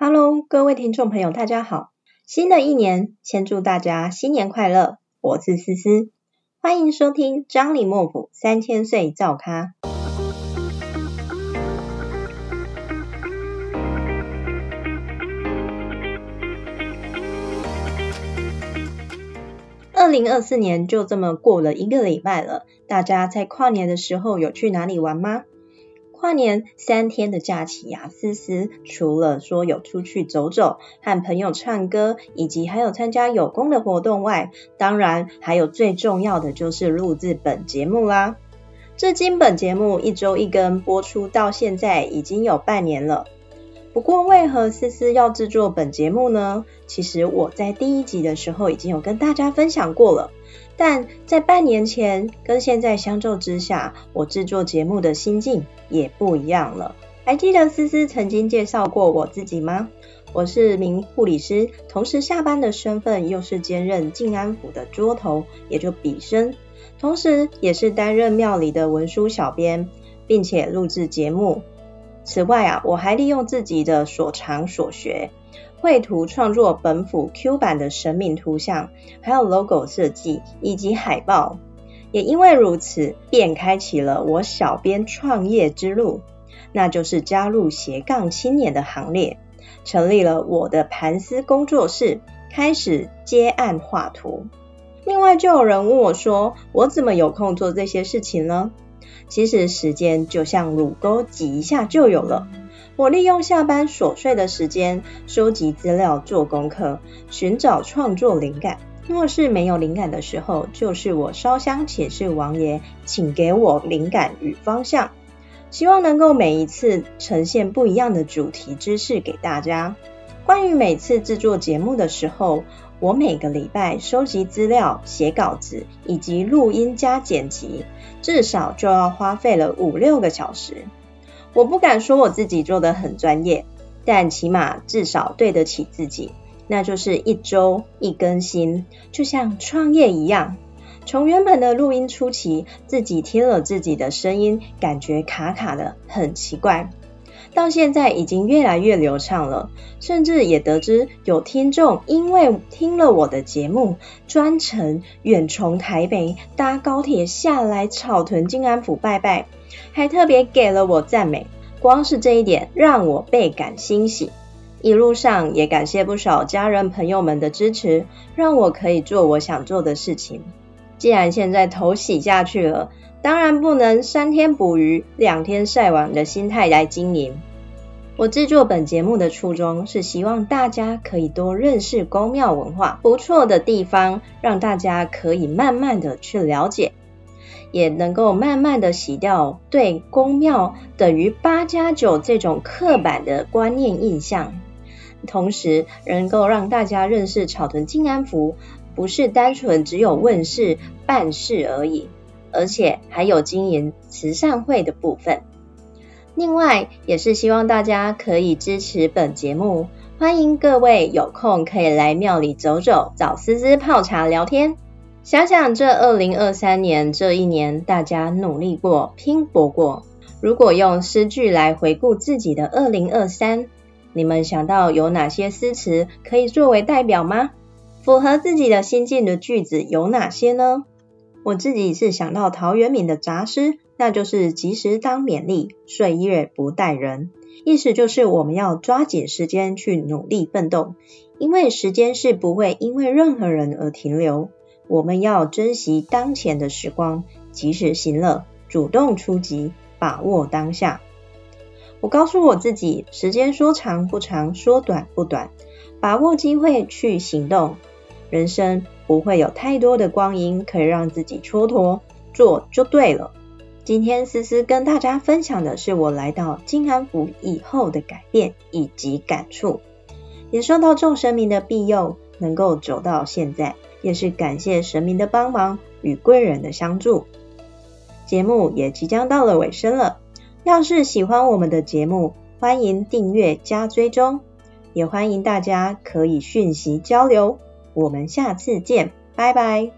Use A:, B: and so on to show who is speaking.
A: 哈嘍各位聽眾朋友，大家好！新的一年，先祝大家新年快樂。我是思思，歡迎收聽張李莫府三千歲照咖。二零二四年就這麼過了一個禮拜了，大家在跨年的時候有去哪裡玩嗎？跨年三天的假期呀，啊，絲絲除了說有出去走走、和朋友唱歌，以及還有參加有功的活動外，當然還有最重要的就是錄製本節目啦。至今本節目一週一更播出到現在已經有半年了。不過為何絲絲要制作本節目呢？其實我在第一集的時候已經有跟大家分享過了。但在半年前跟現在相較之下，我制作節目的心境也不一樣了。還記得思思曾經介紹過我自己嗎？我是名護理師，同時下班的身份又是兼任靜安府的桌頭，也就筆生，同時也是擔任廟裡的文書小編，並且錄製節目。此外啊，我還利用自己的所長所學，繪圖創作本府 Q 版的神明圖像，還有 logo 設計以及海報。也因為如此，便開啟了我小編創業之路，那就是加入斜槓青年的行列，成立了我的盤絲工作室，開始接案畫圖。另外，就有人問我說，我怎麼有空做這些事情呢？其實時間就像乳溝，擠一下就有了。我利用下班瑣碎的時間收集資料、做功課、尋找創作靈感。若是沒有靈感的時候，就是我燒香請示王爺，請給我靈感與方向。希望能夠每一次呈現不一樣的主題知識給大家。關於每次製作節目的時候，我每個禮拜收集資料、寫稿子以及錄音加剪輯，至少就要花費了五六個小時。我不敢說我自己做得很專業，但起碼至少對得起自己，那就是一周一更新，就像創業一樣。從原本的錄音初期，自己聽了自己的聲音，感覺卡卡的，很奇怪。到現在已經越來越流暢了，甚至也得知有聽眾因為聽了我的節目，專程遠從台北搭高鐵下來草屯金安府拜拜，還特別給了我讚美，光是這一點讓我倍感欣喜。一路上也感謝不少家人朋友們的支持，讓我可以做我想做的事情。既然現在頭洗下去了，當然不能三天捕魚兩天曬網的心態來經營。我製作本節目的初衷，是希望大家可以多認識宮廟文化不錯的地方，讓大家可以慢慢的去了解，也能夠慢慢的洗掉對宮廟等於八加九這種刻板的觀念印象，同時能夠讓大家認識草屯靖安福不是單純只有問世辦事而已，而且還有經營慈善會的部分。另外，也是希望大家可以支持本節目。歡迎各位有空可以來廟裡走走，找絲絲泡茶聊天。想想這二零二三年這一年，大家努力過、拼搏過。如果用詩句來回顧自己的二零二三，你們想到有哪些詩詞可以作為代表嗎？符合自己的心境的句子有哪些呢？我自己是想到陶淵明的雜詩，那就是及時當勉勵，歲月不待人。意思就是我們要抓緊時間去努力奮鬥，因為時間是不會因為任何人而停留。我們要珍惜當前的時光，及時行樂，主動出擊，把握當下。我告訴我自己，時間說長不長，說短不短，把握機會去行動，人生。不會有太多的光陰可以讓自己蹉跎，做就對了。今天思思跟大家分享的是我來到金安府以後的改變以及感觸，也受到眾神明的庇佑，能夠走到現在，也是感謝神明的幫忙與貴人的相助。節目也即將到了尾聲了，要是喜歡我們的節目，歡迎訂閱加追蹤，也歡迎大家可以訊息交流。我們下次見，拜拜。